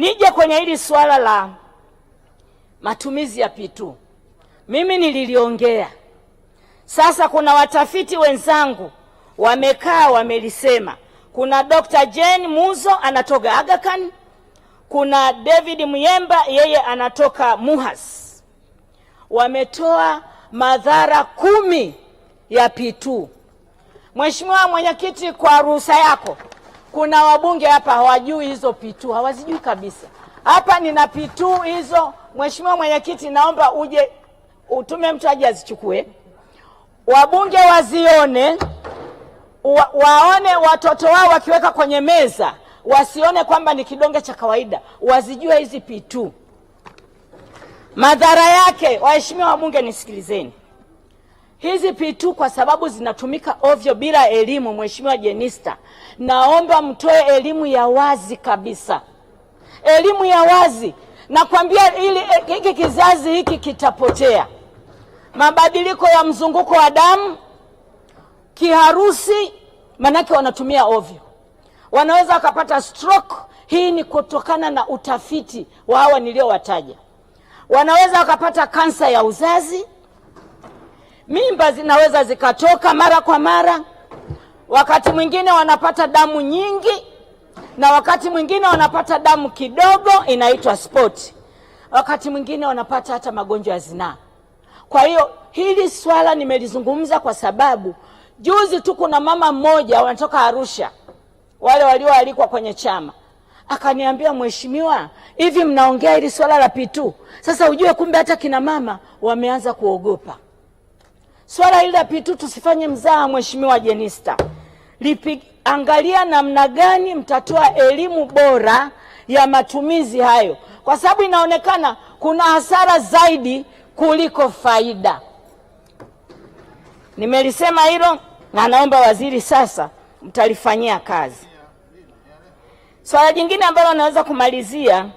Nije kwenye hili suala la matumizi ya P2, mimi nililiongea. Sasa kuna watafiti wenzangu wamekaa wamelisema. Kuna Dr. Jane Muzo anatoka Aga Khan, kuna David Muyemba yeye anatoka MUHAS. Wametoa madhara kumi ya P2. Mheshimiwa Mwenyekiti, kwa ruhusa yako kuna wabunge hapa hawajui hizo pitu, hawazijui kabisa. Hapa nina pitu hizo, Mheshimiwa Mwenyekiti, naomba uje utume mtu aje azichukue, wabunge wazione wa, waone watoto wao wakiweka kwenye meza, wasione kwamba ni kidonge cha kawaida, wazijue hizi pitu madhara yake. Waheshimiwa wabunge, nisikilizeni hizi P2 kwa sababu zinatumika ovyo bila elimu. Mheshimiwa Jenista, naomba mtoe elimu ya wazi kabisa, elimu ya wazi. Nakwambia ili eh, hiki kizazi hiki kitapotea. Mabadiliko ya mzunguko wa damu, kiharusi, manake wanatumia ovyo, wanaweza wakapata stroke. Hii ni kutokana na utafiti wa hawa niliowataja. Wanaweza wakapata kansa ya uzazi Mimba zinaweza zikatoka mara kwa mara, wakati mwingine wanapata damu nyingi, na wakati mwingine wanapata damu kidogo, inaitwa spoti. Wakati mwingine wanapata hata magonjwa ya zinaa. Kwa hiyo hili swala nimelizungumza kwa sababu juzi tu kuna mama mmoja wanatoka Arusha, wale walioalikwa kwenye chama, akaniambia mheshimiwa, hivi mnaongea hili swala la pitu Sasa ujue kumbe hata kina mama wameanza kuogopa. Swala hili la pitu tusifanye mzaha, Mheshimiwa Jenista Lipi, angalia namna gani mtatoa elimu bora ya matumizi hayo, kwa sababu inaonekana kuna hasara zaidi kuliko faida. Nimelisema hilo na naomba waziri sasa mtalifanyia kazi. Swala jingine ambalo naweza kumalizia